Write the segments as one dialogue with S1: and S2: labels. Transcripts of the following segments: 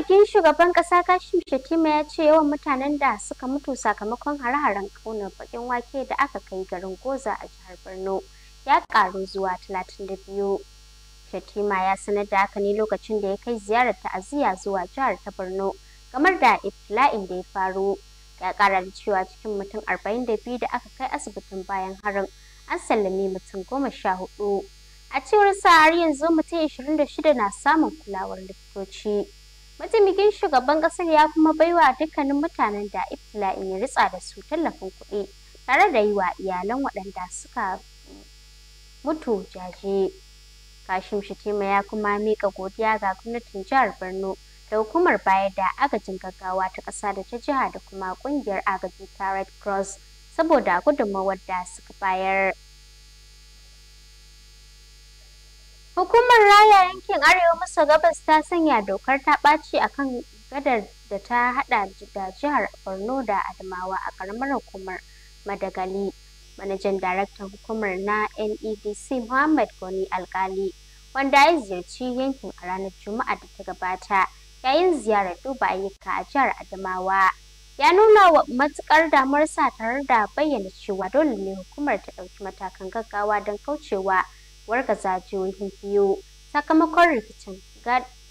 S1: Mataimakin shugaban ƙasa Kashim Shatima ya ce yawan mutanen da suka mutu sakamakon hare-haren ƙaunar bakin wake da aka kai garin Goza a jihar Borno ya ƙaru zuwa 32. Shatima ya sanar da haka ne lokacin da ya kai ziyarar ta'aziyya zuwa jihar ta Borno kamar da iftila'in da ya faru. Ya ƙara da cewa cikin mutum 42 da aka kai asibitin bayan harin an sallame mutum goma sha hudu. A cewar sa har yanzu mutum 26 na samun kulawar likitoci. mataimakin shugaban kasar ya kuma baiwa dukkanin mutanen da in ya ritsa da su tallafin kuɗi tare da yi wa iyalan waɗanda suka mutu jaje kashim shitima ya kuma mika godiya ga gwamnatin jihar borno da hukumar bayar da agajin gaggawa ta ƙasa da ta jiha da kuma ƙungiyar agaji ta red cross saboda gudunmawar da suka bayar Hukumar Raya yankin Arewa maso gabas ta sanya dokar ta ɓaci a kan gadar da ta haɗa da jihar Borno da Adamawa a ƙaramar hukumar Madagali. Manajan daraktan hukumar na NEDC Muhammad Goni Alkali, wanda ya ziyarci yankin a ranar Juma'a da ta gabata yayin ziyarar duba ayyuka a jihar Adamawa. Ya nuna wa matukar damar sa tare da bayyana cewa dole ne hukumar ta ɗauki matakan gaggawa don kaucewa wargaza jihohi biyu sakamakon rikicin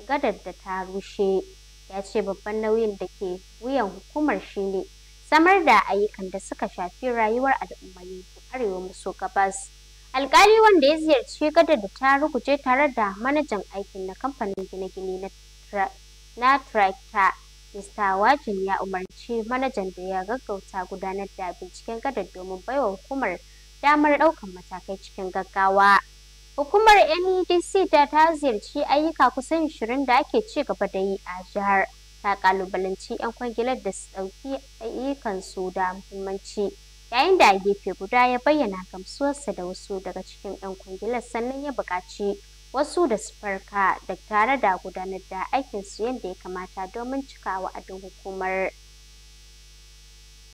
S1: gadar da ta rushe ya ce babban nauyin da ke wuyan hukumar shine samar da ayyukan da suka shafi rayuwar al'ummar da arewa maso gabas alkali wanda ya ziyarci gadar da ta ruguje tare da manajan aikin na kamfanin gine-gine na tractor Mr. Wajin ya umarci manajan da ya gaggauta gudanar da binciken gadar domin baiwa hukumar damar ɗaukar matakai cikin gaggawa. Hukumar NEDC ta ta ziyarci ayyuka kusan 20 da ake ci gaba da yi a jihar. Ta kalubalanci 'yan kwangilar da su ɗauki ayyukansu da muhimmanci. Yayin da a gefe guda ya bayyana gamsuwarsa da wasu daga cikin 'yan kwangilar sannan ya buƙaci wasu da su farka da tare da gudanar da aikinsu yadda ya kamata domin cika wa'adin hukumar.